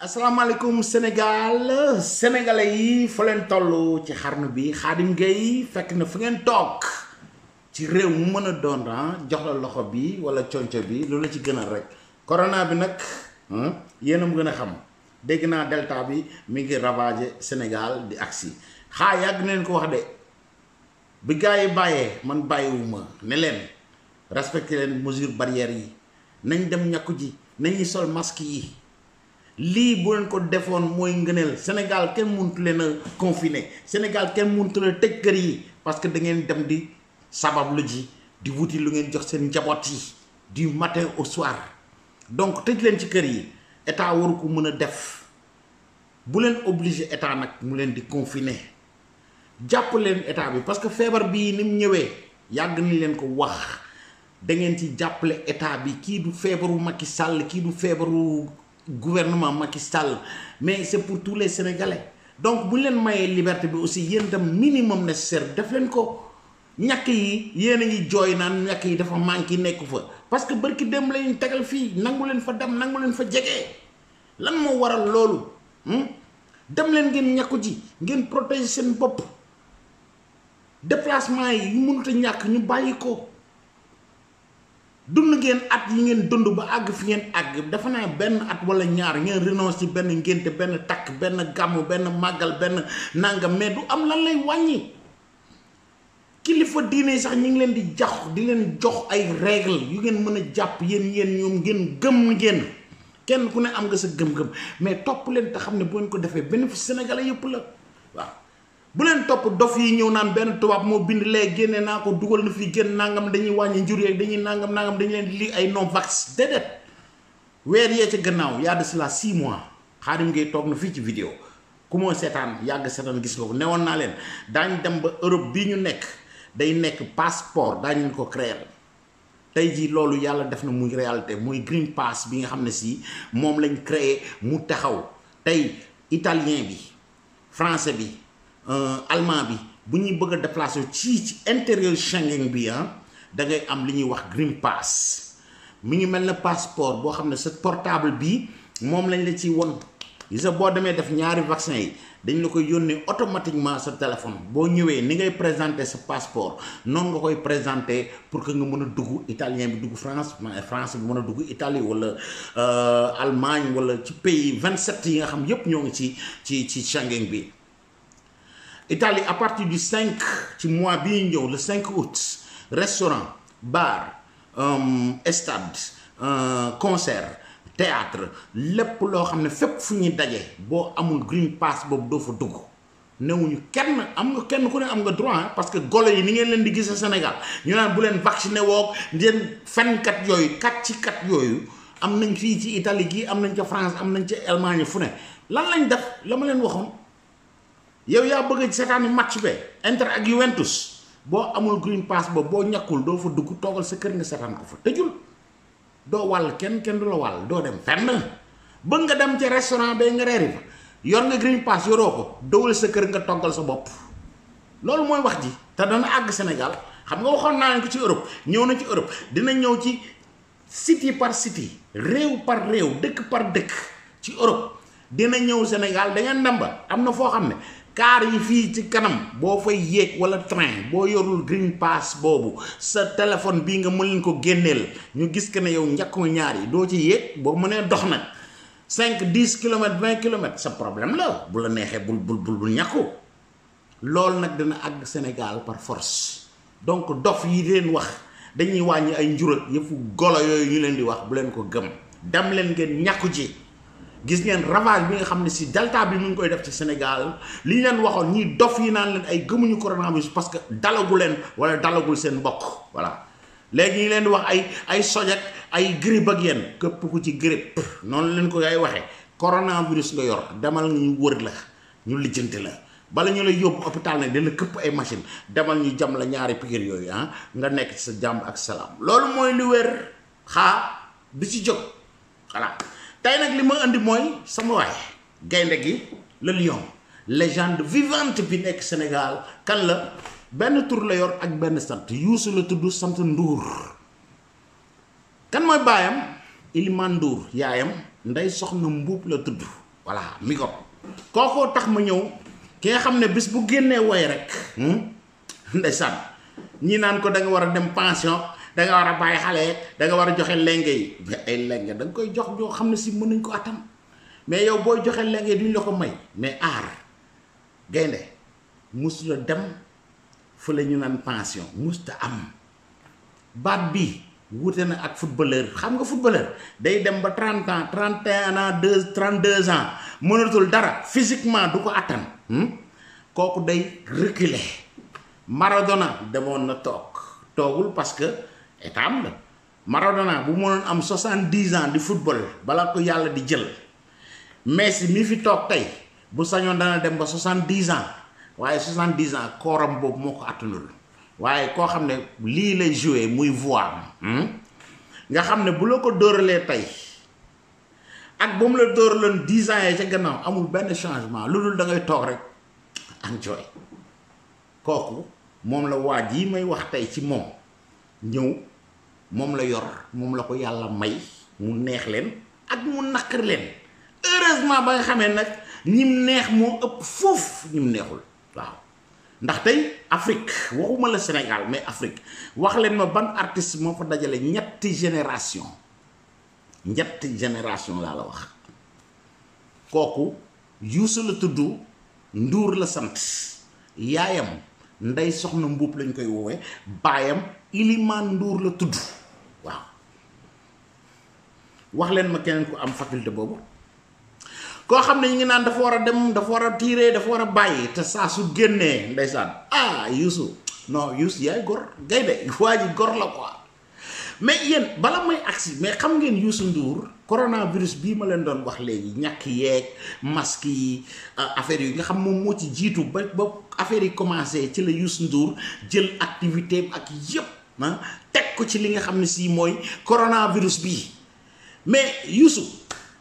asalaamaaleykum Sénégal sénégalais yi fa leen toll ci xarnu bi Khadim Gueye fekk na fu ngeen toog ci réew mu mën a doon ah, jox la loxo bi wala conco bi loolu la ci gënal rek corona bi nag ah, yéen a mu gën a xam dégg naa delta bi mi ngi ravagé Sénégal di agsi xaa yàgg neen ko wax de bi gars yi bàyyee man bàyyiwuma ne leen respecté leen mesure barrière yi nañ dem ñàkku ji nañuy sol masque yi lii bu leen ko defoon mooy ngëneel Sénégal kenn mënut leen a confiné Sénégal kenn mënut leen tëj kër yi parce que da ngeen dem di sabab lu ji di wuti lu ngeen jox seen njaboot yi du matin au soir donc tëj leen ci kër yi état waru ko mën a def bu leen obligé état nag mu leen di confiné jàpp leen état bi parce que feebar bii ni mu ñëwee yàgg nañ leen ko wax da ngeen ci jàppale état bi kii du feebaru Macky sàll kii du feebaru. gouvernement mais c'est pour tous les sénégalais donc bu voulez ma liberté bi aussi a minimum nécessaire def leen ko yi a ngi joy naan ñak yi dafa manki parce que barki dem lañu tégal fi nangul leen fa dam nangul leen fa lan mo waral loolu hmm? dem leen ngeen ñakku ji protéger déplacement dund ngeen at yi ngeen dund ba àgg fi ngeen àgg dafa naa benn at wala ñaar ngeen renonce ci benn ngénte benn takk benn gàmmu benn màggal benn nàngam mais du am lan lay wàññi kilifa diine sax ñu ngi leen di jax di leen jox ay règle yu ngeen mën a jàpp yéen yéen ñoom ngeen gëm ngeen kenn ku ne am nga sa gëm-gëm mais topp leen te xam ne boo ngeen ko defee bénéfice sénégalais yëpp la waaw bu leen topp dof yi ñëw naan benn tubaab moo bind lee génne naa ko dugal na fi génn nangam dañuy wàññi njur yeeg dañuy nangam nangam dañu leen lii ay non vax déedéet weer yee ca gannaaw yaa si cela six mois Khadim Gueye toog na fii ci vidéo ku moo seetaan yàgg seetaan gis nga ko newoon dem ba Europe bi ñu nekk day nekk passeport daañu ko créer tey jii loolu yàlla def na muy réalité muy green pass bi nga xam ne si moom lañ crée mu taxaw tey italien bi français bi Euh, allemand bi bu ñuy bëgg a déplacer ci ci intérieur Schengen bi ah dangay am li ñuy wax green pass mi ngi mel ne passeport boo xam ne sa portable bi moom lañ la ci won sax boo demee def ñaari vaccin yi dañ la koy yónnee automatiquement sa téléphone boo ñëwee ni ngay présenter sa passeport noonu nga koy présenter pour que nga mën a dugg italien bi dugg France France bi mën a dugg Italie wala euh, Allemagne wala ci vingt 27 yi nga xam yépp ñoo ngi ci ci ci Schengen bi Italie à partir du 5 ci mois le 5 août restaurant bar euh, stade euh, concert théâtre le loo xam ne fait green pass bob doo fa dugg newuñu kenn am nga kenn ku ne droit hein, parce que les ni ngeen leen di Sénégal ñu naan bu leen vacciné kat ci kat am nañ en Italie en France am Allemagne fu ne lan lañ def yow yaa bëgg seetaani match be Inter ak Juventus boo amul green pass ba boo ñàkkul doo fa dugg toogal sa kër nga seetaan ko fa tëjul doo wàll kenn kenn du la wàll doo dem fenn bëgg nga dem ci restaurant ba nga reeri fa yor nga green pass yoroo ko dowal sa kër nga toggal sa bopp loolu mooy wax ji te dana àgg Sénégal xam nga waxoon naa ne ko ci Europe ñëw na ci Europe dina ñëw ci city par city réew par réew dëkk par dëkk ci Europe dina ñëw Sénégal da dem ba am na foo xam ne kaar yi fii ci kanam boo fay yéeg walla train boo yorul green pass boobu sa téléphone bii nga mën leen ko génneel ñu gis que ne yow njëkkoon ñaar yi doo ci yéeg boo mënee dox nag cinq dix kilomètres vingt kilomètres sa problème la bu la neexee bul bul bul bul ñàkku loolu nag dina àgg Sénégal par force donc dof yi leen wax dañuy wàññi ay njurët yëpp golo yooyu ñu leen di wax bu leen ko gëm dem leen ngeen ñàkku ji. gis ngeen ravage bi nga xam ne si delta bi mu ngi koy def ci sénégal li ñu leen waxoon ñi dof yi naan leen ay gëmuñu coronavirus parce que dalagu leen wala dalagul seen mbokk voilà léegi ñu leen wax ay ay sojak ay grippe ak yéen képp ku ci grippe noonu leen ko yaay waxee coronavirus nga yor demal ñu wër la ñu lijjanti la bala ñu lay yóbbu hôpital nag dina këpp ay machine demal ñu jam la ñaari pikir yooyu ah nga nekk sa jàmm ak salaam loolu mooy li wér xaa bi ci jóg voilà tey nag li andi moy sama waay gaynde gi le lion légende vivante bi nekk Sénégal kan la benn tur la yor ak benn sant Youssou la tudd sant Ndour kan moy bayam Ilimane Ndour yaayam nday soxna mbuub la tudd voilà mi ko kookoo tax ma ñëw ki nga xam ne bis bu génnee woy rek hmm? ndeysaan ñi naan ko da nga war dem pension da nga war a bàyyi xale yeeg da nga war a joxe lenge yi mais ay lenge da koy jox ñoo xam ne si mën nañ ko atam mais yow booy joxe lenge duñ la ko may mais aar gaynde musu dem fu la ñu naan pension musta am baat bi wute na ak footballeur xam nga footballeur day dem ba trente ans trente et un ans deux trente deux ans mënatul dara physiquement du ko attan hmm? kooku day reculer Maradona demoon na toog toogul parce que état am la Maradona bu mënoon am soixante dix ans di football balaa ko yàlla di jël Messi mi fi toog tey bu sañoon dana dem ba soixante dix ans waaye soixante dix ans kooram boobu moo ko attanul waaye koo xam ne lii lay joué muy voix hmm? nga xam ne bu la ko dóoralee tey ak ba mu la dóoraloon dix ans yee ca gannaaw amul benn changement lu dul da ngay toog rek enjoy kooku moom la waa jii may wax tey ci moom. ñëw moom la yor moom la ko yàlla may mu neex leen ak mu naq leen heureusement ba nga xamee nag ñim neex moo ëpp foofu ñim neexul waaw ndax tey Afrique waxuma la Sénégal mais Afrique wax leen ma ban artiste moo fa dajale ñetti génération ñetti génération laa la wax kooku Youssou la tudd Ndour la sant yaayam ndey soxna mbuub lañ koy woowee baayam Ilimaan Nduur la tudd waaw wax leen ma keneen ku am faculté boobu koo xam ne ñu ngi naan dafa war a dem dafa war a tiire dafa war a bàyyi te saa su génnee ndeysaan ah Youssou no Youssou yaay gor gaynde waa ji gor la quoi mais yéen bala may agsi mais xam ngeen Youssou Ndour coronavirus bii ma leen doon wax léegi ñàkk yeeg masque yi euh, affaire yi nga xam moom moo ci jiitu ba ba affaire yi commencé ci la Youssou Ndour jël activité ak yépp ah teg ko ci li nga xam ne sii coronavirus bii mais Youssou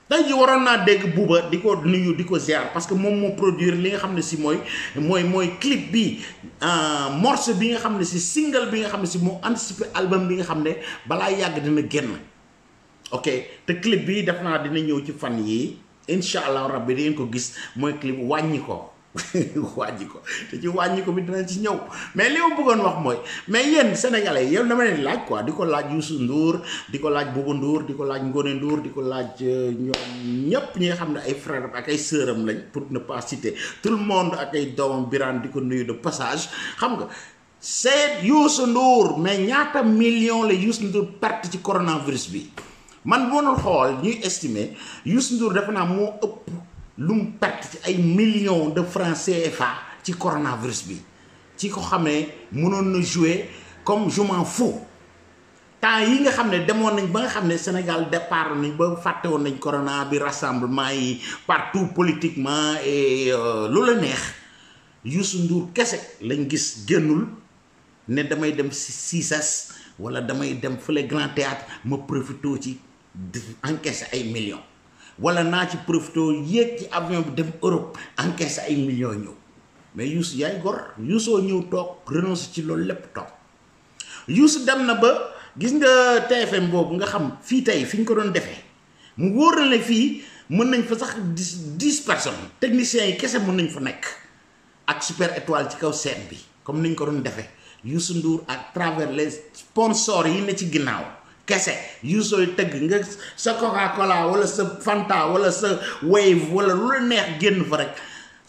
dañ ji waroon naa dégg buuba di nuyu di ko ziar parce que moom moo produire li nga xam ne si mooy mooy mooy clip bi euh, morceau bi nga xam ne single bi nga xam ne si anticiper album bi nga xam ne balaa dina génn ok te clip bi def naa dina ñëw ci fan yi incha allah rab bi di ngeen ko gis mooy clip wàññi ko wàññi ko te ci wàññi ko bi dina ci ñëw mais li ma bëggoon wax mooy mais yéen sénégalais yow dama leen laaj quoi di ko laaj Youssou Ndour di ko laaj Bouba nduur di ko laaj Ngoné Ndour di ko laaj euh, ñëpp ñépp ñi xam ne ay frère ak ay sœuram lañ pour ne pas citer tout le monde ak ay doomam Birane di ko nuyu de passage xam nga seet Youssou Ndour mais ñaata million la Youssou Ndour ci coronavirus bi man boo doon xool ñuy estimer Youssou Ndour defe naa moo ëpp lu mu perte ci ay millions de francs CFA ci coronavirus bi ci ko xamee munoon na jouer comme je m'en fous temps yi nga xam ne demoon nañ ba nga xam ne Sénégal départ nañ ba fàtte woon nañ corona bi rassemblement yi partout politiquement et euh, lu la neex Youssou Ndour kese lañ gis génnul ne damay dem si Sisas wala damay dem fële Grand Théâtre ma profité ci di encaissé ay millions wala naa ci profité yéeg ci avion bi dem Europe encaissé ay millions ñëw mais Youssou yaay gor Youssoo ñëw toog renoncé ci loolu lépp toog Youssou dem na ba gis nga TFM boobu nga xam fii tey fi ñu ko doon defee mu wóor na ne fii mën nañ fa sax dix dix personnes techniciens yi kese mun nañ fa nekk ak super étoile ci kaw seet bi comme ni ñu ko doon defee Youssou nduur à travers les sponsors yi ne ci ginnaaw. kese yu sooy tëgg nga sa coca cola wala sa fanta wala sa wave wala lu la neex génn fa rek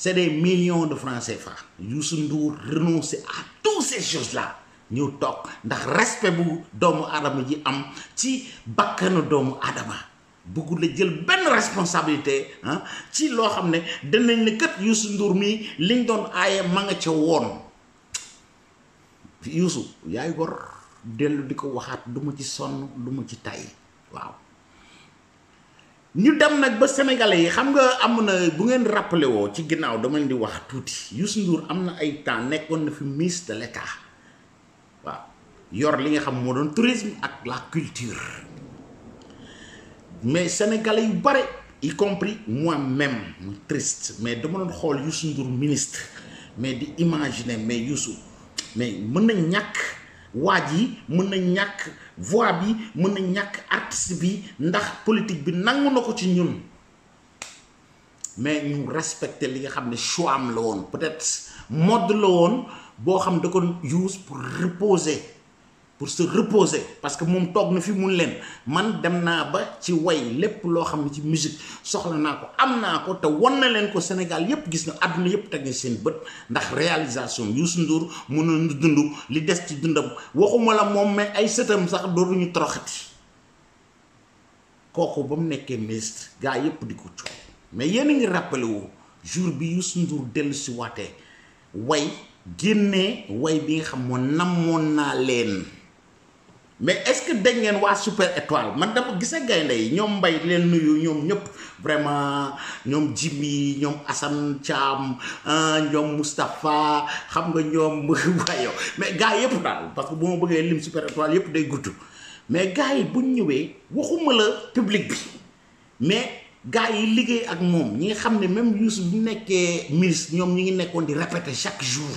c'est des millions de Français. CFA Youssou Ndour renoncer à toutes ces choses là ñëw toog ndax respect bu doomu aadama ji am ci bakkanu doomu adama bëggul la jël benn responsabilité ah ci loo xam ne danañ ne kat Youssou Ndour mii liñ doon aaye ma nga ca woon Youssou yaay gor dellu di ko waxaat du ma ci sonn du ci tay waaw ñu dem nag ba sénégalais yi xam nga am na bu ngeen rappelé woo ci ginnaaw dama leen di wax tuuti Youssou Ndour am na ay temps nekkoon na fi ministre de l'état waaw yor li nga xam tourisme ak la culture mais sénégalais yu bare y compris moi-même triste mais dama doon xool Youssou Ndour ministre mais di imaginer mais mais Wadi, ji ñak voix bi mën ñak artiste bi ndax politique bi nangu nako ci ñun mais ñu respecter li nga xamné choix am la won peut-être mode la won bo xam da ko use pour reposer pour se reposer parce que moom toog na fi mun leen man dem naa ba ci way lépp loo xam ne ci musique soxla naa ko am naa ko te won na leen ko Sénégal yépp gis na àdduna yépp teg na seen bët ndax réalisation Youssou Ndour mënoon dundu li des ci dundam waxuma la moom mais ay sëtam sax dootuñu toroxati kooku ba mu nekkee ministre gaa yépp di ko coow mais yéen a ngi rappelé wu jour bi Youssou Ndour dellu si waatee way génne way bi nga xam moo namoon naa leen mais est-ce que dégg ngeen waa super étoile man dama gisa gaynde yi ñoom mbay leen nuyu ñoom ñëpp vraiment ñoom Jimmy ñoom Assane Thiam ah, ñoom Moustapha xam nga ñoom yow mais gars yëpp daal parce que bu ma bëggee lim super étoile yëpp day gudd mais gars yi buñ ñëwee waxuma la public bi mais gars yi liggéey ak moom ñi nga xam ne même Youssou bu nekkee ministre ñoom ñu ngi nekkoon di répéter chaque jour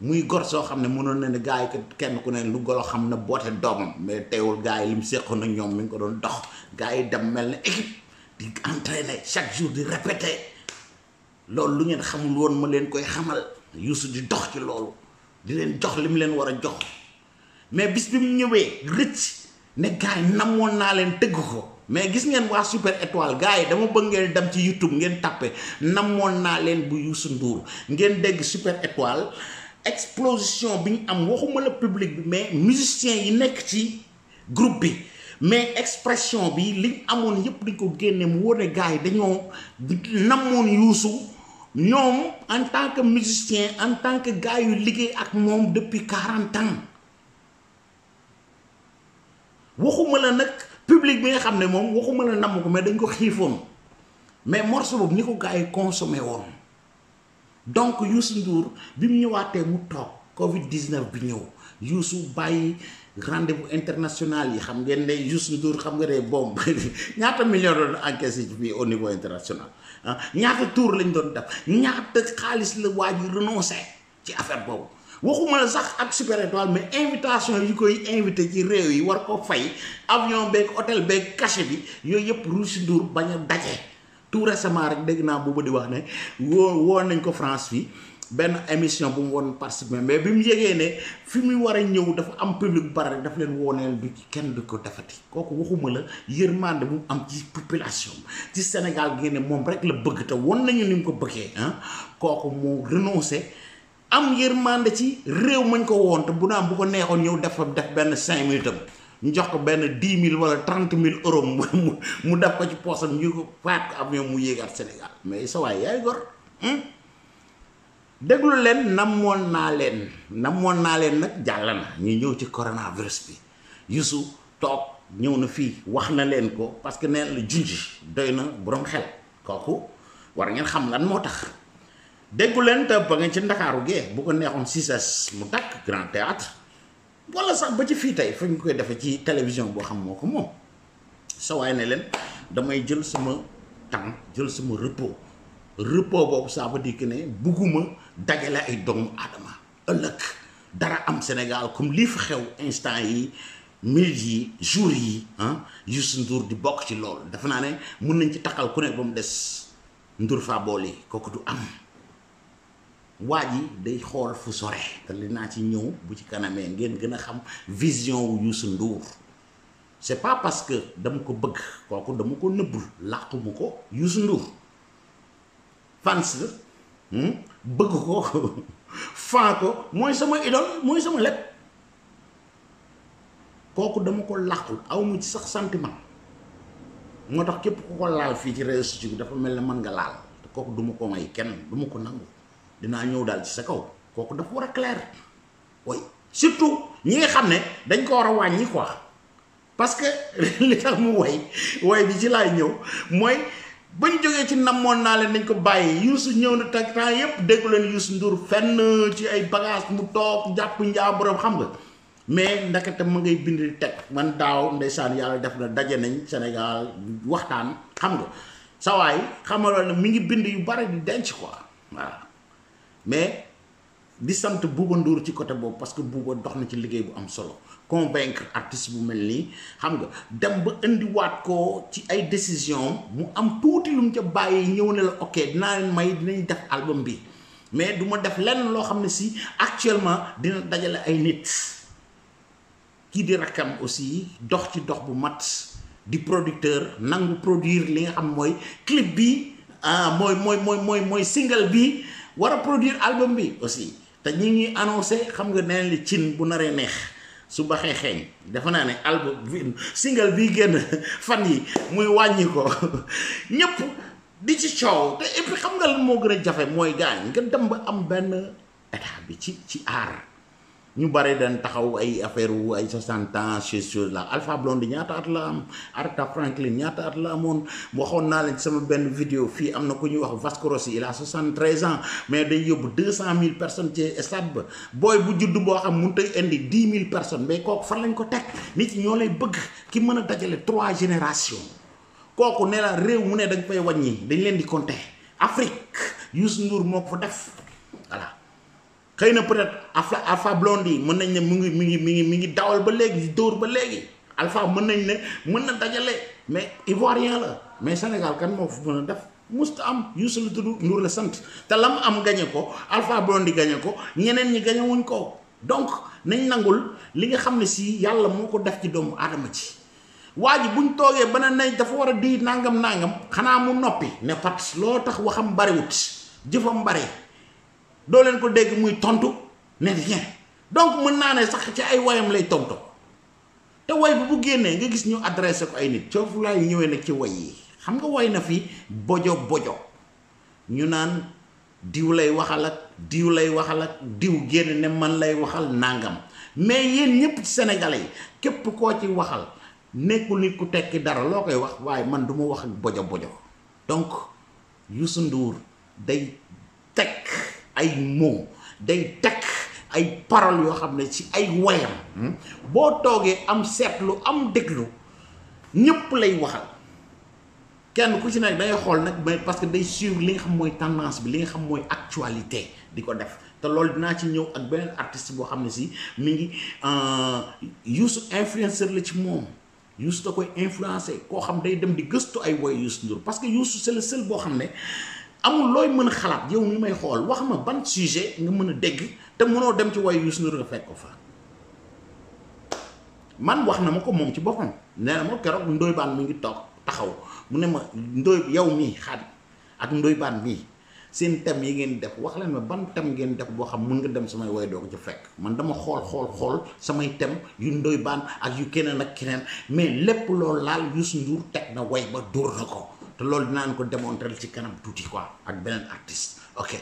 muy gor soo xam ne mënoon na ne gaa yi kenn ku ne lu golo xam na boote doomam mais teewul gars yi li mu séqoon na ñoom mi ngi ko doon dox gars yi dem mel ne équipe di entraîner chaque jour di répéter loolu lu ngeen xamul woon ma leen koy xamal Youssou di dox ci loolu di leen jox li mu leen war a jox mais bis bi ñëwee rëcc ne gars yi namoon naa leen tëgg ko mais gis waa super étoile yi dama bëgg ngeen dem ci YouTube ngeen tàppe namoon naa leen bu Youssou Ndour ngeen dégg super étoile explosion bi am waxuma la public bi mais musiciens yi nek ci groupe bi mais expression bi liñ amone yépp dañ ko guenné mu wóor gaay gars namone dañoo ñom en tant que musicien en tant que gaay yu liggé ak mom depuis 40 ans waxuma la nak public bi nga xamné mom waxuma la namm ko mais dañ ko xiifoon mais morceau bob ni ko gaay consommer consommé woon donc Youssou Ndour bi mu ñëwaatee mu toog Covid 19 bi ñëw Youssou bàyyi rendez-vous international yi xam ngeen né Youssou Ndour xam nga ré bomb ñaata million doon encaissé yi au niveau international ah ñaata tour lañ doon def ñaata xaaliss la waji ji renoncé ci affaire bobu waxuma la sax ak Super Étoile mais invitation yi koy invité ci réew yi war ko fay avion beeg hôtel beeg caché bi yooyu yëpp Youssou Ndour bañ a daje. tout récemment rek dégg naa boobu di wax ne woo woon nañ ko France fii benn émission bu mu woon participer mais bi mu yégee ne fi muy war a ñëw dafa am public bare rek daf leen wooneel du ci kenn du ko defati kooku waxuma la yërmande bu mu am ci population ci Sénégal gi moom rek la bëgg te won nañu ni mu ko bëggee ah kooku mu renoncé am yërmande ci réew mañ ko woon bu naan bu ko neexoon ñëw def def benn cinq minutes am ñu jox ko benn dix mille wala trente mille euros mu mu def ko ci poosam ñu ko faat ko avion mu yéegaat Sénégal mais sa waay yaay gor déglu leen namoon naa leen namoon naa leen nag jàll na ñu ñëw ci coronavirus bi yusu tok ñëw na fii wax na leen ko parce que neen la junj borom xel war ngeen xam lan moo tax déggu te ba ngeen ci ndakaaru gee bu ko neexoon sises mu grand théâtre wala sax ba ci fii tey fu ñu koy defee ci télévision boo xam moo ko moom sa waay ne leen damay jël sama temps jël sama repos repos boobu ça veut dire que ne bugguma dajale ay doomu aadama ëllëg dara am Sénégal comme lii fi xew instant yi minute yi jour yi ah Youssou Ndour di bokk ci loolu dafa naa ne mun nañ ci takkal ku nekk ba mu des Ndour Faboli kooku du am waa ji day xool fu sore te li naa ci ñëw bu ci kanamee ngeen gën a xam vision wu Youssou Ndour c'est pas parce que dama ko bëgg kooku dama ko nëbbul làquma ko Youssou Ndour fans hmm? bëgg ko mooy sama idole mooy sama lépp kooku dama ko aw awma ci sax sentiment moo tax képp ku ko laal fii ci réseaux sociaux bi dafa mel ne mën nga laal te kooku duma ko may kenn duma ko nangu dinaa ñëw daal ci sa kaw kooku dafa war a clair oui surtout ñi nga xam ne dañ ko war a wàññi quoi parce que li tax mu woy woy bi ci laay ñëw mooy bañ jógee ci namoon naa leen dañ ko bàyyi Youssou ñëw na teg temps yëpp déggu leen Youssou Ndour fenn ci ay bagage mu toog jàpp njaaburam xam nga mais ndakate ma ngay bind teg man daaw ndeysaan yàlla def na daje nañ Sénégal waxtaan xam nga sawaay xamaloon ne mi ngi bind yu bari di denc quoi waaw mais di sant buuba nduur ci côté boobu parce que buuba dox na ci bu am solo convaincre artiste bu mel nii xam nga dem ba indiwaat ko ci ay décision mu am tuuti lum mu ca bàyyi la ok dinaa leen may dinañ def album bi mais du ma def lenn loo xam ne si actuellement dina dajale ay nit ki di rakkam aussi dox ci dox bu mat di producteur nangu produire li nga xam mooy clip bi ah moy moy moy moy moy single bi war a produire album bi aussi te ñi ñuy annoncé xam nga nee li cin bu naree neex su baxee xeeñ dafa naa ne album single bii génn fan yi muy wàññi ko ñëpp di ci coow te et xam nga lan moo gën a jafe mooy gaañ nga dem ba am benn état bi ci ci aar. ñu bare dañ taxaw ay affaire wu ay 60 ans ces choses là Alpha Blondy ñaata at la am Aretha Franklin ñaata at la amoon waxoon naa leen sama benn vidéo fii am na ku ñuy wax Vasco Rossi il a 73 ans mais day yóbbu mille personnes ci stade ba booy bu juddu boo xam mun tey indi 10 000 personnes mais kooku fan lañ ko teg nit ñoo lay bëgg ki mën a dajale trois générations kooku ne réew mu ne dañ fay wàññi dañ leen di compter Afrique Youssou Ndour moo ko fa xëy na peut-être Alpha Alpha yi mën nañ ne mu ngi mi ngi mi ngi mi ngi dawal ba léegi di dóor ba léegi Alpha mën nañ ne mën na dajale mais Ivoirien la mais Sénégal kan moo mën def must am Youssou la tudd Ndour la sant te lam am gañe ko Alpha Blondy gañe ko ñeneen ñi gañe ko donc nañ nangul li nga xam ne si yàlla moo ko def ci doomu aadama ci waa ji buñ toogee ba ne nañ dafa war a di nangam nangam xanaa mu noppi ne fat loo tax waxam bariwut jëfam bari doo leen ko dégg muy tontu ne rien donc mën naa ne sax ci ay wayam lay tonto te way bi bu génnee nga gis ñu adressé ko ay nit coofu laay ñëwee nag ci woy yi xam nga woy na fi bojo bojo ñu naan diw lay waxal ak diw lay waxal ak diw génn ne man lay waxal nàngam mais yéen ñëpp ci yi képp koo ci waxal nekkul nit ku tekki dara loo koy wax waaye man du ma wax ak bojo bojo donc Youssou Ndour day tekk ay mots day tekk ay paroles yoo xam ne ci ay woyam boo toogee am seetlu am déglu ñëpp lay waxal kenn ku si nekk dangay xool nag mais parce que day suivre li nga xam mooy tendance bi li nga xam mooy actualité di ko def te loolu dinaa ci ñëw ak beneen artiste boo xam ne si mu ngi euh, Youssou influenceur la ci moom Youssou da koy influencer koo xam day dem di gëstu ay woy Youssou Ndour parce que Youssou c'est le boo xam ne amul looy mën a xalaat yow mi may xool wax ma ban sujet nga mën a dégg te mënoo dem ci way Youssou nga fekk fa man wax na ma ko moom ci boppam nee na ma keroog ndoy ban mi ngi toog taxaw mu ne ma ndoy yow mii xaat ak ndoy baan mii seen thème yi ngeen def wax leen ma ban tem ngeen def boo xam mën nga dem samay way doo ko ci fekk man dama xool ban xool samay thème yu ndoy baan ak yu keneen ak keneen mais lépp laal na way ba dur na te loolu dinaan ko démontrer ci kanam tuuti quoi ak beneen artiste ok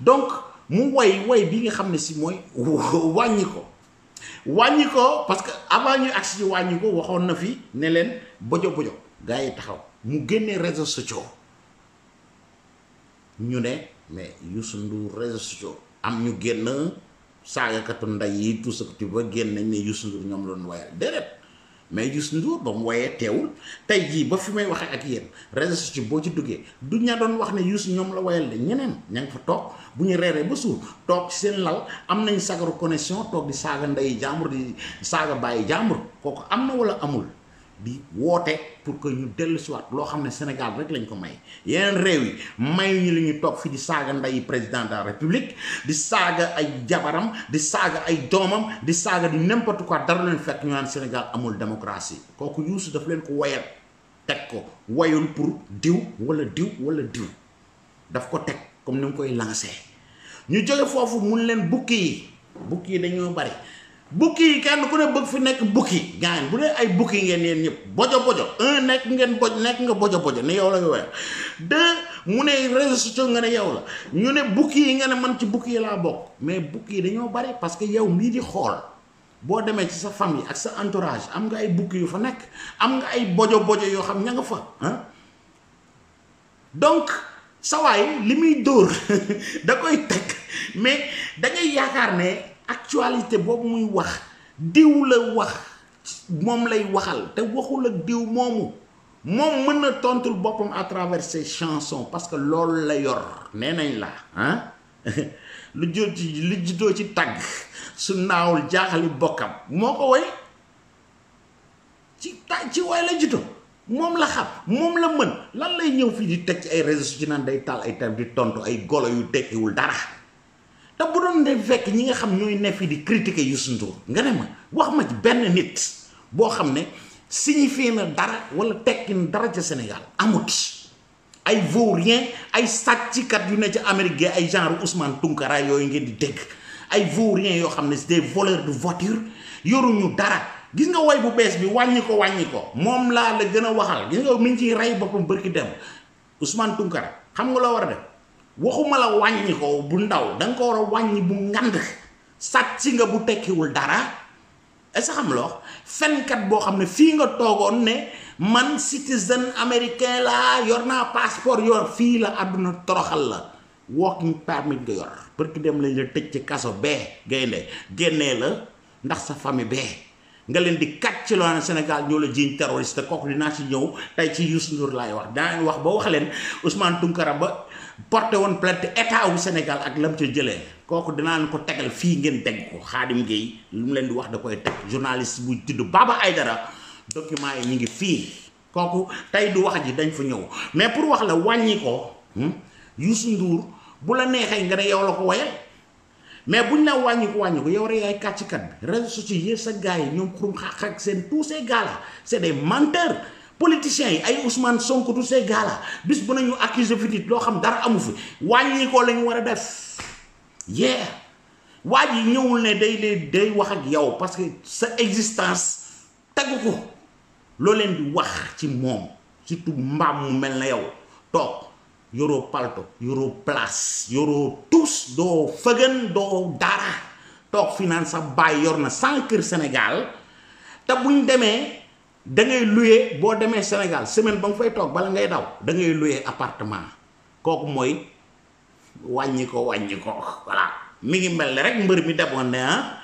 donc mu woy woy bi nga xam ne si mooy wàññi ko wàññi ko parce que avant ñuy agsi ci wàññi ko waxoon na fi ne leen bojo bojo gars yi taxaw mu génnee réseaux sociaux ñu ne mais Youssou Ndour réseaux sociaux am ñu génn saagakatu nday yi tout ce que tu veux génn nañ ne Youssou Ndour ñoom loon wayal déedéet mais Youssou Ndour ba mu woyee teewul tey jii ba fi may waxee ak yéen réseaux sociaux boo ci duggee du ña doon wax ne Youssou ñoom la woyal de ñeneen ña ngi fa toog bu ñu reeree ba suur toog ci seen lal am nañ sagaru connexion toog di saaga ndeyu jàmbur di saaga bàyyi jàmbur kooku am na wala amul. di woote pour que ñu dellu si loo xam ne Sénégal rek lañ ko may yeneen réew yi may ñu li ñu toog fi di saaga ndeyu président de la république di saaga ay jabaram di saaga ay doomam di saaga di n'importe quoi dara leen fet ñu naan Sénégal amul démocratie kooku Youssou daf leen ko woyal teg ko woyul pour diw wala diw wala diw daf ko teg comme ni mu koy lancé ñu jóge foofu mun leen bukki yi bukki yi dañoo bari buki yi kenn ku ne bëgg fi nekk bukki gaañ bu dee ay bukki ngeen yéen ñëpp bojo bojo un nekk ngeen boj nek nga bojo bojo ne yow la nga weer deux mu ne réseaux sociaux nga ne yow la ñu ne buki yi nga ne man ci bukki yi laa mais bukki dañoo bari parce que yow mii di xool boo demee ci sa famille ak sa entourage am nga ay buki yu fa nekk am nga ay bojo bojo yoo xam ña nga fa ah donc sa waay li muy dóor da koy teg mais da ngay yaakaar ne actualité boobu muy wax diw la wax mom lay waxal te waxul ak diw momu mom meuna tontul bopam à travers ses chansons parce que lol la yor nenañ la ah lu jot ci lu juddoo ci tag su naawul jaxali bokam moko way ci ta ci way la juddoo mom la xam mom la meun lan lay ñew fi di tek ay réseaux ci naan day tal ay tam di tontu ay golo yu tekkiwul dara te bu doon ne fekk ñi nga xam ñooy ne fii di critiquer Youssou Ndour nga ne ma wax ma ci benn nit boo xam ne signifié na dara wala tekkin na dara ca Sénégal amut ay vaurien ay sàcckat yu ne ca Amérique gi ay genre Ousmane Tounkara yooyu ngeen di dégg ay vaurien yoo xam ne c'est des voleurs de voiture yoruñu dara gis nga woy bu bees bi wàññi ko wàññi moom laa la gën a waxal gis nga mi ngi ciy rey boppam bërki dem Ousmane Tounkara xam nga loo war a dem waxuma la wàññi ko bu ndaw danga ko war a wàññi bu ngand sàcc nga bu tekkiwul dara est ce xam loo fenkat boo xam ne fii nga toogoon ne man citizen américain la yor naa passeport yor fii la àdduna toroxal la walking permit nga yor parce que dem lañ la tëj ci kaso bee gaynde génnee la ndax sa famille bee nga leen di kat ci loolu Sénégal ñoo la jiiñ terroriste kooku dinaa ci ñëw tey ci Youssou Ndour laay wax daañu wax ba wax leen Ousmane Tounkara ba porté woon plainte état wu Sénégal ak lam ca jëlee kooku dinaa leen ko tegal fii ngeen dégg ko Khadim géey lu mu leen di wax da koy teg journaliste bu tudd Baba Aydara document yi ñu ngi fii kooku tey du wax ji dañ fa ñëw mais pour wax la wàññi ko hmm? Youssou Ndour bu la neexee nga ne yow la ko wayal mais buñ la wàññi ko wàññi ko yow rek yaay kàccikat bi réseaux sociaux yi sa gars yi ñoom xurum xaq ak seen tous ces gars là c'est des politiciens yi ay Ousmane Sonko du ces gars là bis bu nañu accuser fi nit loo xam dara amu fi wàññi ko lañu war def yeah waa ji ñëwul ne day lee day wax ak yow parce que sa existence tegu ko leen di wax ci moom surtout mbaam mu mel yow toog yoroo palto yoroo place yoroo tous do fëgën do dara toog fi naan sa baay yor na Sénégal te buñ demee da ngay loué boo demee Sénégal semaine ba nga fay toog bala ngay daw da ngay loué appartement kooku mooy wàññi ko wàññi ko voilà mi ngi mel ne rek mbër mi demoon ne ah,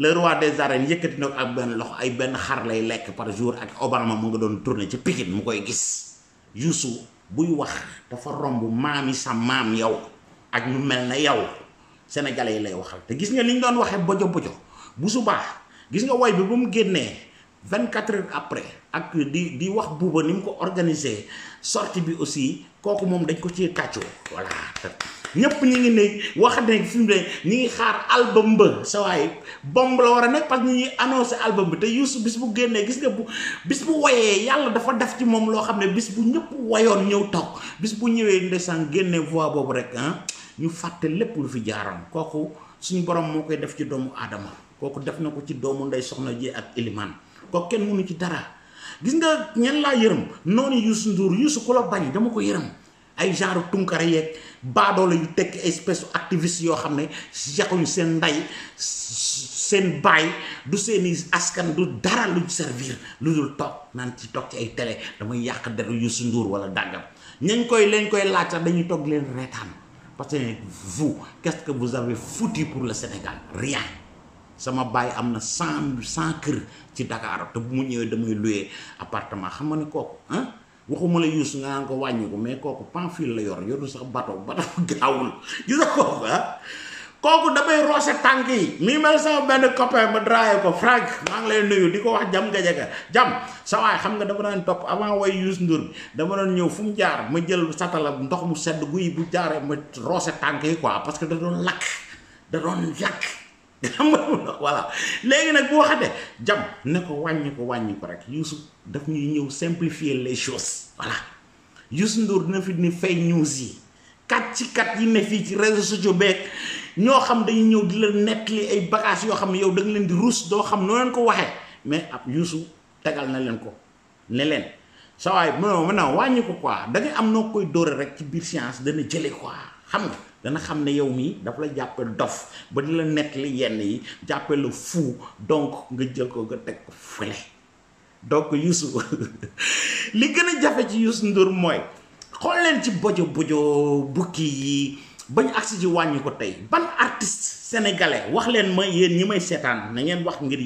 le roi des arènes yëkkati na ak benn loxo ay benn xar lay par jour ak Obama mu nga doon tourné ci Pikine mu koy gis yusu buy wax dafa romb maami sa maam yow ak ñu mel ne yow sénégalais lay waxal te gis nga li doon waxee bojo bojo bu gis nga woy bi bu mu 24 heures après ak di di wax buuba ni ko organisé sortie bi aussi kooku moom dañ ko ci kàccoo voilà ñëpp ñi ngi ne wax ne fi mu ne ñi ngi xaar album ba sa waay bomb la war a nekk parce que ñu ngi annoncé album bi te Youssou bis bu génnee gis nga bu bis bu woyee yàlla dafa def ci moom loo xam ne bis bu ñëpp woyoon ñëw toog bis bu ñëwee ndeysaan génne voix boobu rek ah ñu fàtte lépp lu fi jaaroon kooku suñu borom moo koy def ci doomu aadama kooku def na ko ci doomu ndey soxna ji ak ilimaan ko kenn mënu ci dara gis nga ñen laa yërëm noonu Youssou Ndour Youssou ku la bañ dama ko yërëm ay genre tunkara yeeg baadoole yu tekk espèce activiste yoo xam ne yaxuñu seen ndey seen baay du seeni askan du dara lu servir lu dul toog naan ci toog ci ay télé damay yàq deru Youssou Ndour wala dàggam ñañ koy leen koy laaj sax dañuy toog leen reetaan parce que vous qu'est-ce que vous avez foutu pour le Sénégal rien sama baay amna sam cent cent ci Dakar te bu mu ñëwee damay appartement xam ne kooku ah waxuma la yuus nga ko kok ko mais kooku pamphile la yor yoru sax bato bato gaawul gis nga kooku ah kooku damay roose tànk yi mi mel sama benn copain ma draaye ko Frank maa ngi lay nuyu di kok wax jam nga jege jam sa waay xam nga dama daan topp avant way yuus ndur bi dama doon ñëw fu mu jaar ma jël satala ndox mu sedd bu ma quoi parce que da don lakk da xam nga voilà léegi nag boo waxatee jam ne ko wàññi ko rek Youssou daf ñuy ñëw simplifier les choses voilà Youssou Ndour dina fi ni fay news yi kat ci kat yi ne fii ci réseaux sociaux beeg ñoo xam dañu ñëw di la nettali ay bagages yoo xam ne yow da leen di ruus doo xam noo leen ko waxee mais ab Youssou tegal na leen ko ne leen sa waay mënoo mën naa wàññi ko quoi da ngay am noo koy dóore rek ci biir science dana jëlee quoi xam nga. dana xam ne yow mii dafa la jàppe dof ba di la nettali yenn yi jàppe la fou donc nga jël ko nga teg ko donc yusu li gën a ci yusu ndur moy xool leen ci bojo bojo bukki yi bañ agsi ci ko ban artiste sénégalais wax leen ma yéen ñi may seetaan na ngeen wax ngir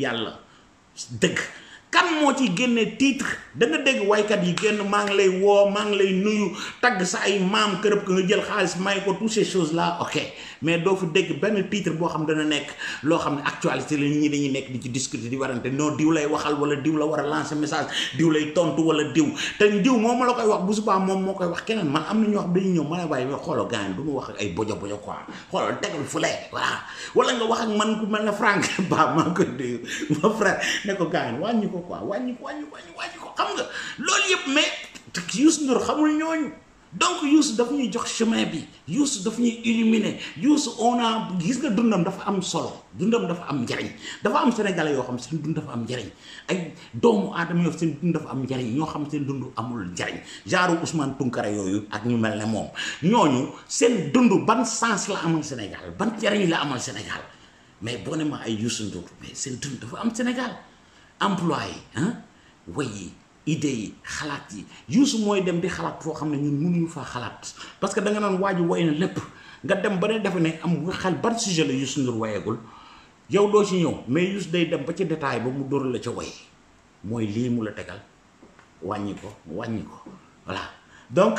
kan moo ci génne titre da dégg waykat yi génn maa ngi lay woo maa ngi lay nuyu tagg sa ay maam kërëb ko nga jël xaalis may ko toutes ces choses là ok mais doo fu dégg benn titre boo xam dana nekk loo xam ne actualité la ñi dañuy nekk di ci discuter di warante non diw lay waxal wala diw la war a lancer message diw lay tontu wala diw te diw moom la koy wax bu subaa moom moo koy wax keneen man am na ñoo xam dañuy ñëw ma ne waaye ma xooloo gars yi du ma wax ak ay bojo bojo quoi xooloo tegal fu lee voilà wala nga wax ak man ku mel ne Franck Ba maa ko déglu ma frère ne ko gars yi wàññi ko quoi wàññi wàññi ko xam nga loolu yëpp mais xamul ñooñu. donc Youssou dafa ñuy jox chemin bi Youssou dafa ñuy illuminer Youssou on a gis nga dundam dafa am solo dundam dafa am njariñ dafa am sénégalais yoo xam seen dund dafa am njariñ ay doomu aadama yoo seen dund dafa am njariñ ñoo xam seen dund amul njariñ genre Ousmane Tounkara yooyu ak ñu mel ne moom ñooñu seen dund ban sens la amal Sénégal ban njariñ la amal Sénégal mais boo ne ma ay Youssou Ndour mais seen dund dafa am Sénégal emploi way yi idée yi xalaat yi Youssou mooy dem di xalaat foo xam ne ñun mënuñu faa xalaat parce que da nga naan waa ji woy na lépp nga dem ba ne defe ne am xel ban sujet la Youssou Ndour woyagul yow doo ci ñëw mais Youssou day dem ba ci détail ba mu dóor la ca woy mooy lii mu la tegal wàññi ko wàññi ko voilà donc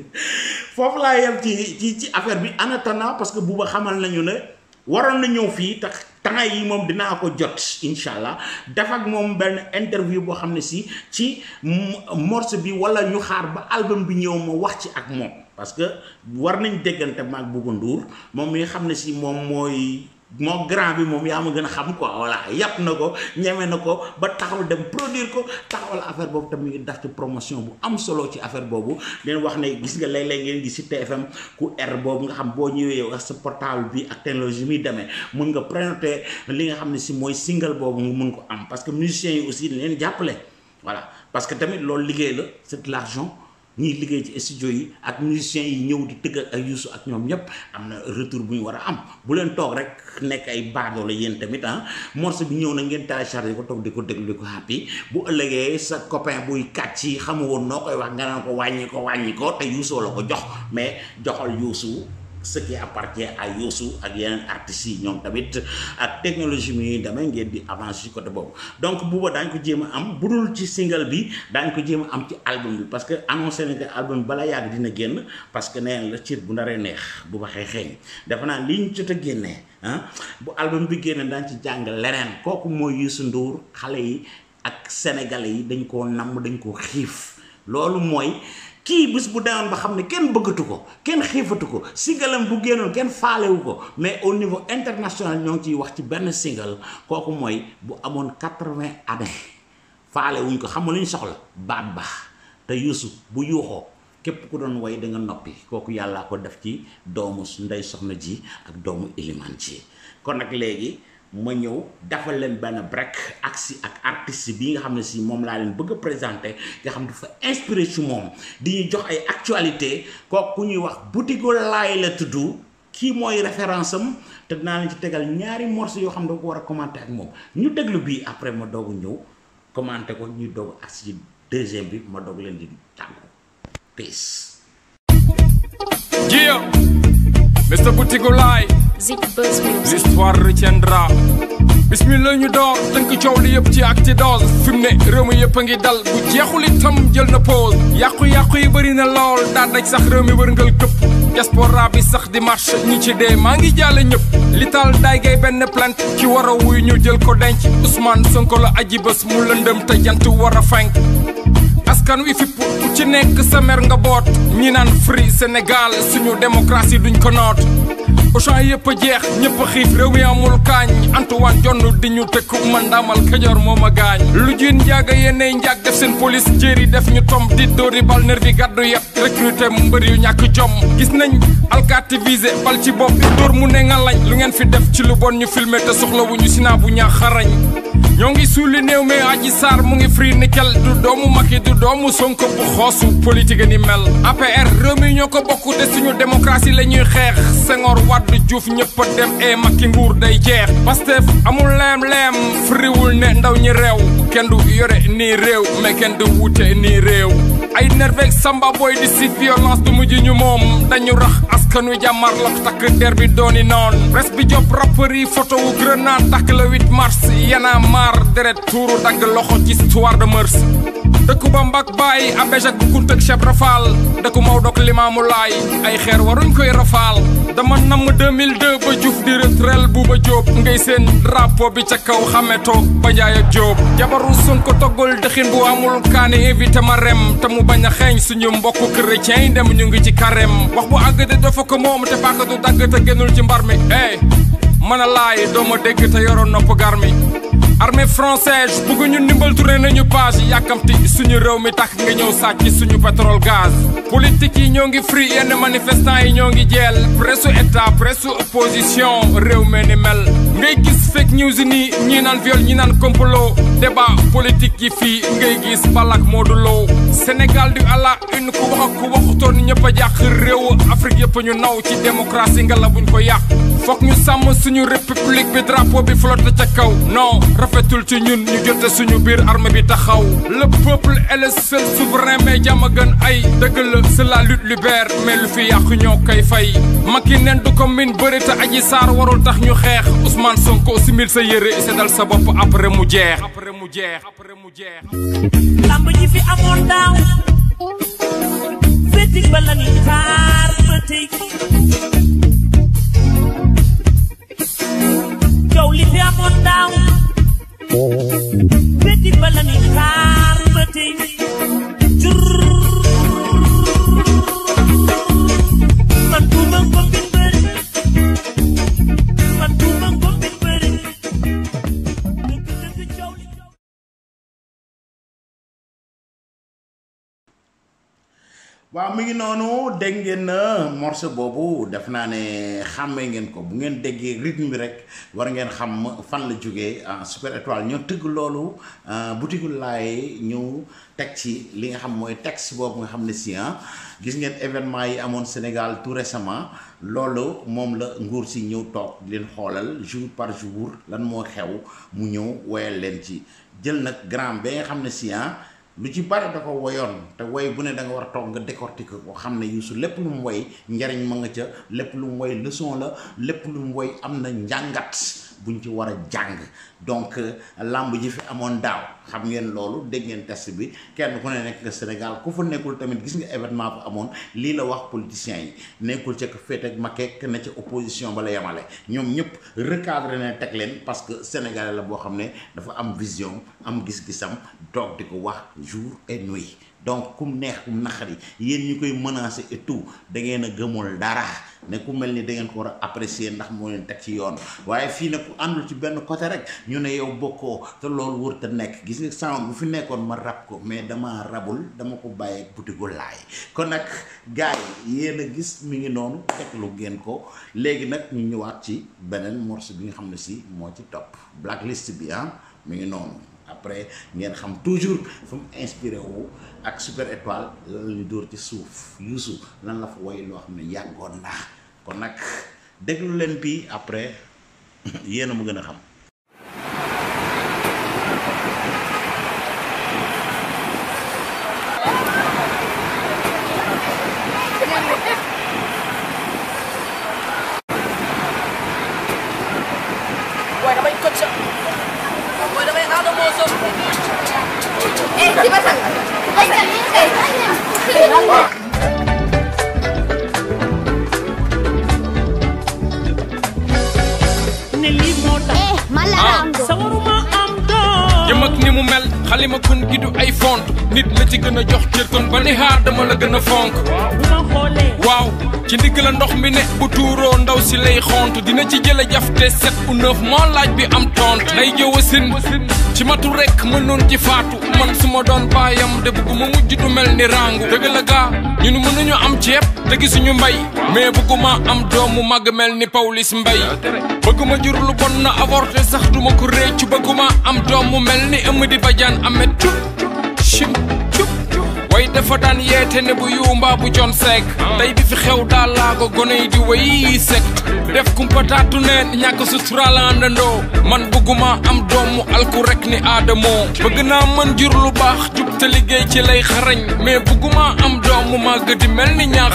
foofu laa yem ci ci ci affaire bi en attendant parce que buuba xamal nañu ne waroon na ñëw fii tax. temps yi moom dinaa ko jot incha allah def ak moom benn interview boo xam ne si ci morceau bi wala ñu xaar ba album bi ñëw ma wax ci ak moom parce que war nañ déggante maag Bouba nduur moom mi xam ne si moom mooy moom grand bi moom yaa ma gën a xam ko voilà yàpp na ko ñeme na ko ba taxaw dem produire ko taxawal affaire boobu tamit def ci promotion bu am solo ci affaire boobu leen wax ne gis nga léeg-léeg ngeen gis ci ku R boobu nga xam boo ñëwee yow sa portable bi ak muy demee mun nga prénoter li nga xam ne si mooy single boobu nga mun ko am parce que musiciens yi aussi leen jàppale voilà parce que tamit loolu liggéey la c'est l'argent ñi liggéey ci studio yi ak musiciens yi ñëw di tëgg ak yuusu ak ñoom ñëpp am na retour bu ñu war a am bu leen toog rek nekk ay baadoo la yéen tamit ah morceau bi ñëw na ngeen téléchargé ko toog di ko déglu ko happy bu ëllëgee sa copain buy kàcc yi xamu woon noo koy wax nga naan ko wàññi ko wàññi ko te yuusoo la ko jox mais joxal yuusu ce qui appartient à Youssou ak yeneen artistes yi ñoom tamit ak technologie mi damay ngeen di avancer ci côté boobu donc Bouba daañ ko jéem a am budul ci single bi daañ ko jéem am ci album bi parce que annoncé na bala yàgg dina génn parce que neen la ciit bu ndaree neex bu ba xeexeeñ dafa naa li ñu jot a génnee ah bu album bi génn daañ ci jàng leneen kooku mooy Youssou nduur xale yi ak sénégalais yi dañ koo namm dañ koo xiif loolu mooy kii bés bu demoon ba xam ne kenn bëggatu ko kenn xiifatu ko singalam bu génnoon kenn faalewu ko mais au niveau international ñoo ngi ciy wax ci benn singal kooku mooy bu amoon quatre-vingts années faale wuñ ko xam nga lu soxla baat baax te Youssou bu yuuxoo képp ku doon way da noppi kooku yàllaa ko def ci doomu ndey soxna ji ak doomu ilimaan ji kon nag léegi ma ñëw dafa leen benn break ak si ak artiste bi nga xam ne si moom laa leen bëgg a présenté nga xam dafa inspiré ci moom di ñu jox ay actualité kooku ñuy wax bu Boutique Laye la tudd kii mooy référence am te naa leen ci tegal ñaari morceaux yoo xam ne da ko war a commenté ak moom ñu déglu bii après ma doogu ñëw commenté ko ñu doog ak si deuxième bi ma doog leen di tàggu peace. Mr. Boutigolaï Zik Buzz Music l'histoire retiendra bismillah ñu door tënk coow li yëpp ci acte dose fi mu ne réew mi yëpp a ngi dal bu jeexul itam jël na pause yàqu-yàqu yi bëri na lool daan daj sax réew mi wërngal këpp diaspora bi sax di marche ñi ci dee maa ngi jaale ñëpp li taal daay gay benn plante ci war a wuy ñu jël ko denc Ousmane Sonko la aji bés mu lëndëm te jant war a fenk askan wi fipp ku ci nekk sa mer nga boot ñi naan Free Sénégal suñu démocratie duñ ko noot Auchan yëpp a jeex ñëpp a xiif réew mi amul kaañ Antoine jonn di ñu tëkk man daamal Kajoor moom a gaañ lu jiin njaaga yennay njaag def seen police jéeri def ñu tom di dóori bal nervi gàddu yet recruté mbër yu ñàkk jom gis nañ alkaati visé bal ci bopp dóor mu ne lañ lu ngeen fi def ci lu bon ñu filmé te soxla wu ñu sinaa bu ñaax xarañ ñoo ngi suuli néew aji sar mu ngi free nickel du doomu maki du doomu sonko bu xoosu politique ni mel apr réew mi ñoo ko bokk de suñu démocratie la ñuy xeex senghor juuf ñëpp dem e maki nguur day jeex pastef amul lem leem friwul ne ndaw ñi réew kenn du yore ni réew mais kenn du wute ni réew ay nervek samba boy di si violence du mujj ñu moom dañu rax askanu jamar la takk der doni non noon job rapper yi photo wu grenade takk le 8 mars yana waar deret tuuru dagg loxo ci histoire da mœurs dëkku ba mbag baay abbé Jacques bu kuntëg cheb rafaal dëkku Maodo ak Limaamu Laay ay xeer waruñ koy rafaal dama namm 2002 ba Diouf di retrel bu ba Jóob ngay seen drapeau bi ca kaw xametoo ba Njaay ak Jóob jabaru Sonko toggul dëxin bu amul kaani invité ma rem te mu bañ a xeeñ suñu mbokku chrétien yi dem ñu ngi ci carême wax bu àgg de dafa ko moom te paaka dagg te génnul ci mbar mi eh! mën a laay doo ma dégg te yoroon nopp gar mi armée française bugguñu ndimbal turé nañu page yi yàkkamti suñu réew mi tax nga ñëw sàcc suñu pétrole gaz politique yi ñoo ngi free yenn manifestant yi ñoo ngi jeel presse état presse opposition réew me ni mel ngay gis fake news yi nii naan viol ñi naan complot débat politique yi fii ngay gis balak Modou Lo Sénégal di à la une ku wax ku waxutoon ñëpp a réew Afrique yëpp ñu naw ci démocratie nga la buñ ko yàq foog ñu sàmm suñu république bi drapeau bi flotte ca kaw non rafetul ci ñun ñu jote suñu biir armée bi taxaw le peuple est le seul souverain ay dëgg la c'est la lutte libère mais lu fi yàq ñoo koy fay Macky nen du ko min bëri te Adji warul tax ñu xeex Ousmane Sonko simil sa yére seddal sa après mu jeex après mu jeex après mu jeex fi amoon daaw fétig ba lañuy xaar ba tey waaw mi ngi noonu dégg ngeen na euh, morceau boobu def naa ne xàmmee ngeen ko bu ngeen déggee rythme bi rek war ngeen xam fan la jógee ah, super étoile ñoo tëgg loolu euh, butigu ñëw teg ci li nga xam mooy teg texte boobu nga xam ne si ah. gis ngeen événement yi amoon Sénégal tout récemment loolu moom la nguur si ñëw toog leen xoolal jour par jour lan moo xew mu ñëw woyal leen ci jël nag grand ba nga xam ne si ah, lu ci bare da ko woyoon te woy bu ne danga war a toog nga décortiquer ko xam ne Youssou lépp lu mu woy njariñ ma nga ca lépp lu mu woy leçon la lépp lu mu woy am na njàngat bu ñu ci war a jàng donc làmb ji fi amoon daaw xam ngeen loolu dégg ngeen test bi kenn ku ne nekk Sénégal ku fa nekkul tamit gis nga événement bu amoon lii la wax politiciens yi nekkul ca ko féet ak makeek na ca opposition ba la yemale ñoom ñëpp recadré na teg leen parce que sénégalais la boo xam ne dafa am vision am gis-gisam toog di ko wax jour et nuit donc kum neex kum yi yéen ñu koy menacer et tout da ngeen a gëmul dara. ne ku mel ni da ngeen ko war a apprécier ndax moo leen teg ci yoon waaye fii ne ku àndul ci benn côté rek ñu ne yow bokkoo te loolu wër te nekk gis nga sama bu fi nekkoon ma rab ko mais dama rabul dama ko bàyyeeg butigu laay kon nag gars yi yéen a gis mi ngi noonu teglu ngeen ko léegi nag ñu ñëwaat ci beneen morceau bi nga xam ne si moo ci topp blacklist bi ah mi ngi noonu après ngeen xam toujours fu mu inspiré ak super étoile lan la ñu dóor ci suuf Youssou lan la fa woy loo xam ne yàggoon na kon nag déglu leen bii après yéen a mu gën a xam. nit la ci gëna jox cër kon ba ni xaar dama la gëna fonk waaw ci ndigg la ndox mi ne bu tuuroo ndaw si lay xont dina ci jële jafte set u neuf moo laaj bi am tont day jëwa sin ci matu rek mënoon ci faatu man su ma doon baayam de bugguma mujj du mel ni rangu dëgg la gaa ñun mënuñu am ceeb te gisuñu mbay mais bugguma am doomu mag mel ni paulis mbay bëgguma jur lu bon na avorté sax duma ko réccu bëgguma am doomu mel ni ëmm di bajaan amet way dafa daan yeete ne bu yu bu jon seek tey bi fi xew daa laa ko gone yi di way sek def kumpataatu neen ñàkk suturaal man bëgguma am doomu alku rek ni aadamoo bëgg naa mën jur lu baax jub te liggéey ci lay xarañ mais bëgguma am doomu màgg di mel ni ñaa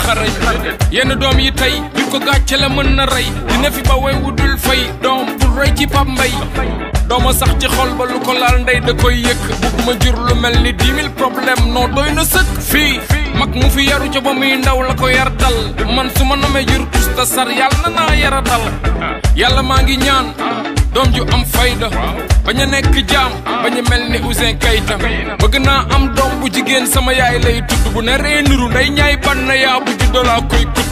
yenn doom yi tey jur ko gàcce la mën na rey dina fi ba way wudul fay doom bu rey ci Pape Mbaye dooma sax ci xol ba lu ko laal ndey da koy yëkk bugguma jur lu mel ni dix mille problème noo doy na sëkk fii mag mu fi yaru ca ba muy ndaw la ko yar dal man su ma namee jur tusta sar yàlla na naa yara dal yàlla maa ngi ñaan doom ju am fayda bañ a nekk jaam bañ a mel ni Ouzin Keita bëgg naa am doom bu jigéen sama yaay lay tudd bu ne ree nday ñaay ban na yaa bu juddoo laa koy kudd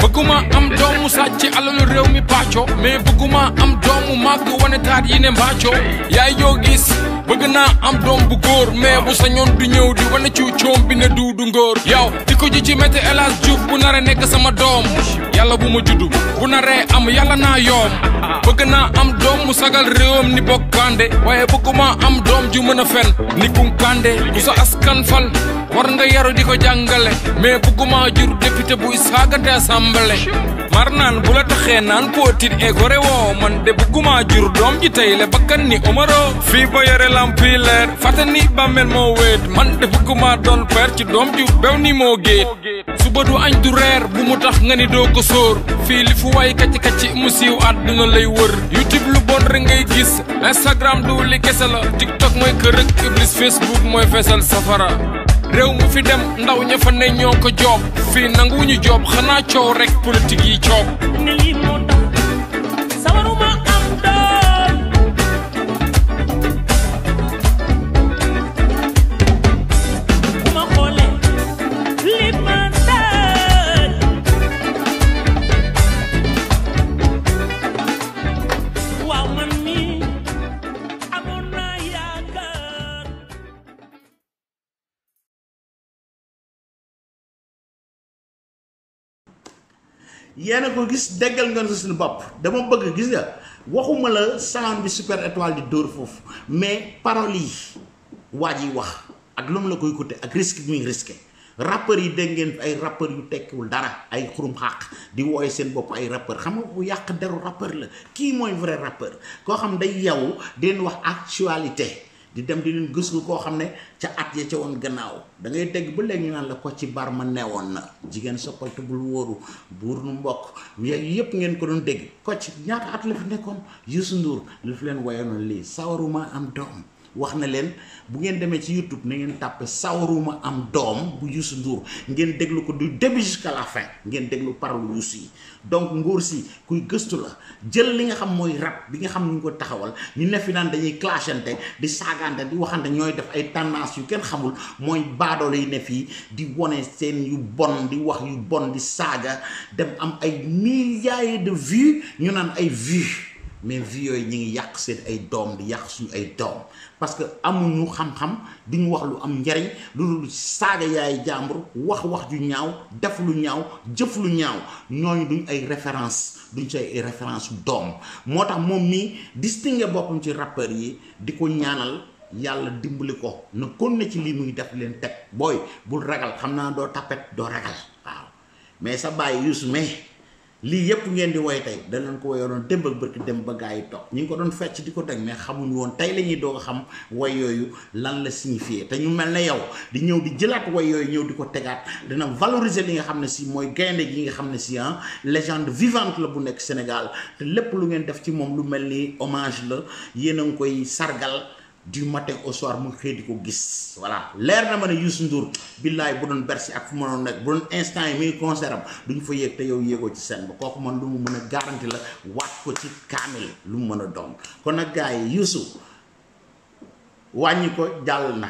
bëgguma am doomu sàcc alalu réew mi pàcco mais bëgguma am mu màgg wane taat yi ne mbàcco yaay yoo gis bëgg na am doom bu góor mais bu sañoon du ñëw di wane ci coom bi ne du du ngóor yow di ko ji ci métti bu naree nekk sama doom yàlla bu ma juddu bu naree am yàlla naa yoom bëgg naa am doom mu sagal réewam ni bokkande waaye bëgguma am doom ju a fen ni kunkande ku sa askan war nga yaru di ko jàngale mais bugguma jur député buy saagante assemblée mar naan bu la taxee naan pootit e gore woo man de bugguma jur ji le bakkan ni omaro fii ba yore lampi leer fàtte ni bàmmeel moo wéet man de bugguma doon père ci doom ju bew ni moo suba du añ du reer bu mu tax nga ni doo ko sóor fii way kacc kacc lay wër youtube lu bon rek ngay gis instagram du li la tiktok mau kërëk iblis facebook mau feesal safara réew mu fi dem ndaw ña fa ne ñoo ko joob fii nanguwuñu joob xanaa coow rek politique yi coob yéen a ko gis déggal ngeen sa suñu bopp dama bëgg gis waxuma la salon bi super étoile di dóor foofu mais paroles yi waa ji wax ak lu mu la koy coûté ak risque bi muy risqué rappeurs yi dégg ngeen ay rappeurs yu tekkiwul dara ay xurum xàq di wooye seen bopp ay rappeur xam nga bu yàq deru rappeur la kii mooy vrai rappeur koo xam day yow leen wax actualité di dem di leen gëstu koo xam ne ca at ya ca woon gannaaw dangay ngay dégg ba léegi ñu naan la ko ci bar ma newoon na jigéen soppaltu bul wóoru buur nu mbokk yooyu yëpp ngeen ko doon dégg ko ci ñaata at la fi nekkoon Youssou Ndour la fi leen wayoon lii sawaruma am doom wax na leen bu ngeen demee ci YouTube na ngeen tàppe sawaruma am doom bu Youssou Ndour ngeen déglu ko du début jusqu'à la fin ngeen déglu lu Youssou yi donc nguur si kuy gëstu la jël li nga xam mooy rab bi nga xam ni ñu ko taxawal ñu ne fi naan dañuy clashante di saagaante di waxante ñooy def ay tendance yu kenn xamul mooy baadoole yu ne fii di wone seen yu bon di wax yu bon di saaga dem am ay milliards de vues ñu naan ay vues mais vie yooyu ñu ngi yàq seen ay doom di yàq suñu ay doom parce que amuñu xam-xam duñu wax lu am njariñ lu dul saaga yaay jàmbur wax wax ju ñaaw def lu ñaaw jëf lu ñaaw ñooñu duñ ay référence duñ ci ay référence doom moo tax moom mii distingué boppam ci rappeur yi di ko ñaanal yàlla dimbali ko na kon ne ci lii muy def leen teg booy bul ragal xam naa doo tapet doo ragal waaw mais sa bàyyi Youssou mais lii yëpp ngeen di woy tey da leen ko woyoon démb ak bërki dem ba gaa yi toog ñi ngi ko doon fecc di ko teg mais xamuñu woon tey la ñuy doog xam woy yooyu lan la signifié te ñu mel ne yow di ñëw di jëlaat woy yooyu ñëw di ko tegaat dina valoriser li nga xam ne si mooy gaynde gi nga xam ne si ah légende vivante la bu nekk Sénégal te lépp lu ngeen def ci moom lu mel ni hommage la yéen a ngi koy sargal du matin au soir mu di ko gis voilà leer na ma ne Youssou Ndour billaay bu bersi ak fu mu doon nekk bu doon instant yi concert am duñ fa yéeg te yow yego ci seen ba kooku man lu mu mën a garanti la waat ko ci kaamil lu mu mën a doon kon nag gars yi Youssou wàññi ko jàll na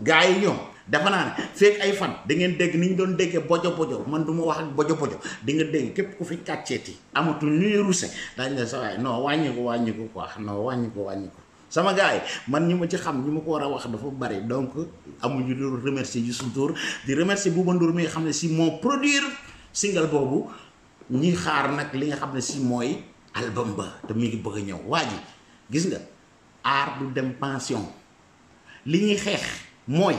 gars yi ñoom dafa naa ne feeg ay fan da ngeen doon bojo bojo man wax ak bojo bojo di nga ku fi kàcceeti amatul ñuy ruse daañu ne sa waay non wàññi quoi sama gars yi man ñi ma ci xam ñi ma ko war a wax dafa bari donc amul amuñu lu remercier Youssou Ndour di remercier Bouba Ndour mi nga xam ne si moo produire single boobu ñuy xaar nag li nga xam ne si mooy album ba te mi ngi bëgg a ñëw waa gis nga aar du dem pension li ñuy xeex mooy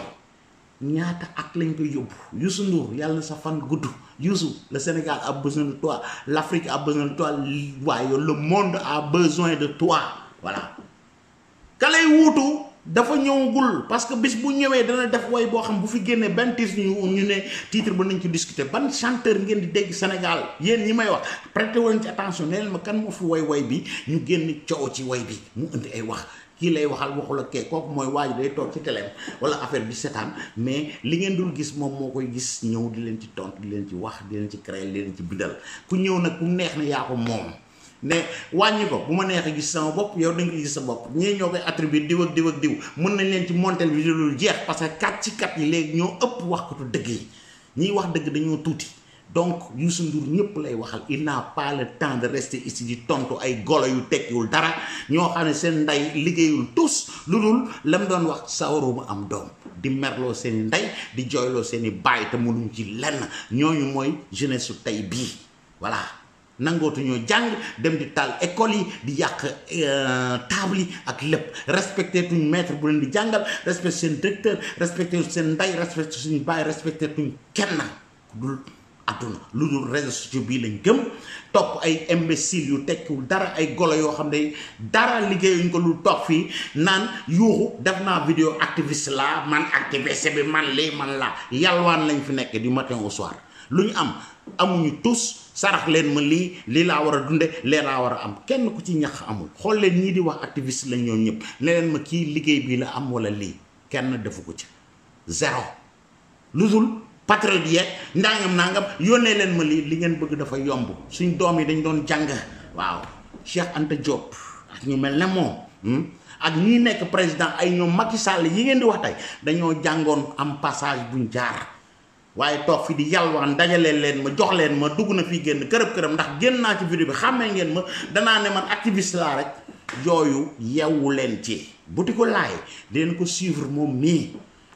ñaata at lañ koy yóbbu Youssou Ndour yàlla na sa fan gudd Youssou la Sénégal a besoin de toi l'Afrique a besoin de toi waaye le monde a besoin de toi voilà ka lay wuutu dafa ñëwagul parce que bis bu ñëwee dana def way boo xam bu fi génnee benn titre ñu ñu ne titre ba nañ ci discuter ban chanteur ngeen di dégg Sénégal yéen ñi may wax prêter woon ci attention ne leen ma kan moo fi woy way bi ñu génn coow ci way bi mu indi ay wax kii lay waxal waxul ak kee kooku mooy waaju day toog ci teleem wala affaire bi setaan mais li ngeen dul gis moom moo koy gis ñëw di leen ci tontu di leen ci wax di leen ci créer di leen ci bindal ku ñëw nag ku neex na yaa moom mais wàññi ko bu ma neexee gis sama bopp yow da nga gis sa bopp ñii ñoo koy attribué diw ak diw ak diw mën nañ leen ci montel bi lu jeex parce que kat ci kat yi léegi ñoo ëpp wax ko dëgg yi ñiy wax dëgg dañoo tuuti donc Youssou Ndour ñëpp lay waxal il n'a pas le temps de rester ici di tontu ay golo yu tekkiwul dara ñoo xam ne seen ndey liggéeyul tous lu dul la mu doon wax sawaru mu am doom di merloo seen i ndey di jooyloo seen i baay te mënuñ ci lenn ñooñu mooy jeunesse tey bii voilà. nangootuñoo jàng dem di taal école yi di yàq euh, table yi ak lépp respecté tuñ maître bu leen di jàngal respecté seen directeur respecté seen ndey respecté suñu baay respecté tuñ kenn na dul àdduna lu dul réseaux sociaux bii lañ gëm topp ay imbéciles yu tekkiwul dara ay golo yoo xam ne dara liggéeyuñ ko lu toog fii naan yuuxu def naa vidéo activiste la man activiste bi man lii man laa yalwaan lañ fi nekk di matin au soir lu ñu am amuñu tous sarax leen ma lii lii laa war a dunde lee laa war a am kenn ku ci ñax amul xool leen ñii di wax activiste lañ ñoo ñëpp ne ma kii liggéey bii la am wala lii kenn defu ko ci zéro lu dul patriote yeeg ndangam nangam yónnee leen ma lii li ngeen bëgg dafa yomb suñ doom yi dañ doon jàng waaw Cheikh Anta Diop ak ñu mel ne moom hmm? ak ñi nekk président ay ñoom Macky Sall yi ngeen di wax tey dañoo jàngoon am passage buñ jaar waaye toog fi di yalwaan dajalee leen ma jox leen ma dugg na fii génn kërëb këram ndax génn naa ci vidéo bi xàmmee ngeen ma danaa ne man activiste laa rek yooyu yeewu leen ci buti ko laay dinañ ko suivre moom mii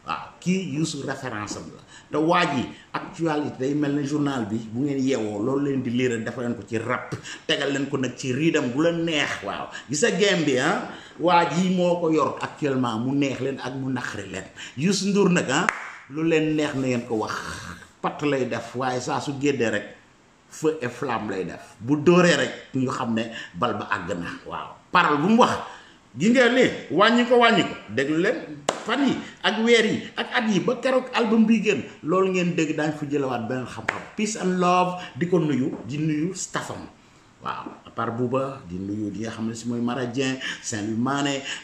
waaw kii Youssou référence am la waa ji actualité day mel ne journal bi bu ngeen yeewoo loolu leen di liiral dafa leen ko ci rap tegal leen ko nag ci riidam bu la neex waaw gisa game bi ah waa ji moo ko yor actuellement mu neex leen ak mu naqari leen Youssou nduur nag ah lu leen neex na ngeen ko wax patt lay def waaye saa su géddee rek feu et flamme lay def bu dóoree rek ñu xam ne balba ba àgg na waaw paral bu mu wax gi ngeen ni wàññi ko wàññi ko déglu leen fan yi ak weer yi ak at yi ba keroog album bi génn loolu ngeen dégg daañ fu jëlawaat beneen xam-xam peace and love di ko nuyu di nuyu staffam waaw Par di nuyu li nga xam ne si mooy Mara saint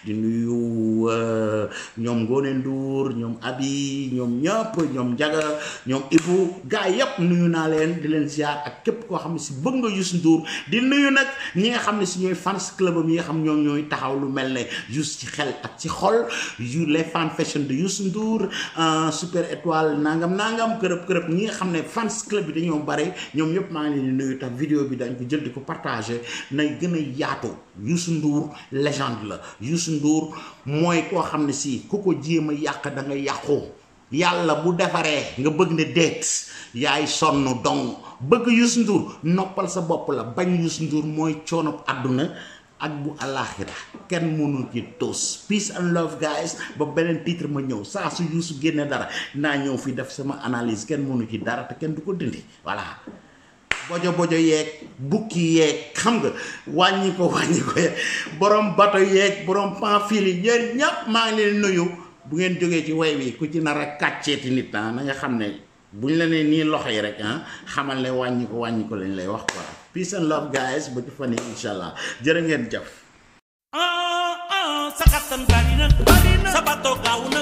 di nuyu euh, ñoom Ngoné Ndour ñoom Abi ñoom ñëpp ñoom jaga ñoom ibu gayap yëpp nuyu naa di len ziar ak képp koo xam bëgg nga Youssou Ndour di nuyu nak ñi nga xam si fans club am yi nga xam ñoom melne taxaw lu mel juste ci xel ak ci xol yu les fashion de Youssou Ndour euh, super étoile nangam nangam kërëb kërëb ñi nga xam fans club bi dañoo bari ñoom ñëpp maa ngi di nuyu ta video bi dañ ko jël di ko partager nay gën a yaatu Youssou Ndour légende la Youssou Ndour mooy koo xam ne si ku ko jéem a yàq da nga yàqu yàlla bu defaree nga bëgg na déet yaay sonn dong bëgg Youssou Ndour noppal sa bopp la bañ Youssou Ndour mooy coono àdduna ak bu àllaaxira kenn mënu ci toos peace and love guys ba beneen titre ma ñëw saa su Youssou génne dara naa ñëw fii def sama analyse kenn mënu ci dara te kenn du ko dindi voilà bojo bojo yek buki yeeg xam nga wàññi ko wàññi ko borom bato yeeg borom panfili yéen ñëpp maa ngi leen nuyu bu ngeen jógee ci way wi ku ci nar a kàcceeti nit ah na nga xam ne buñ la nee nii loxo rek ah xamal ne wàññi ko wàññi ko lañ lay wax quoi peace and love guys ba ci fan yi incha ngeen jëf. ah ah sa kattan bari na bari na sa bato gaaw na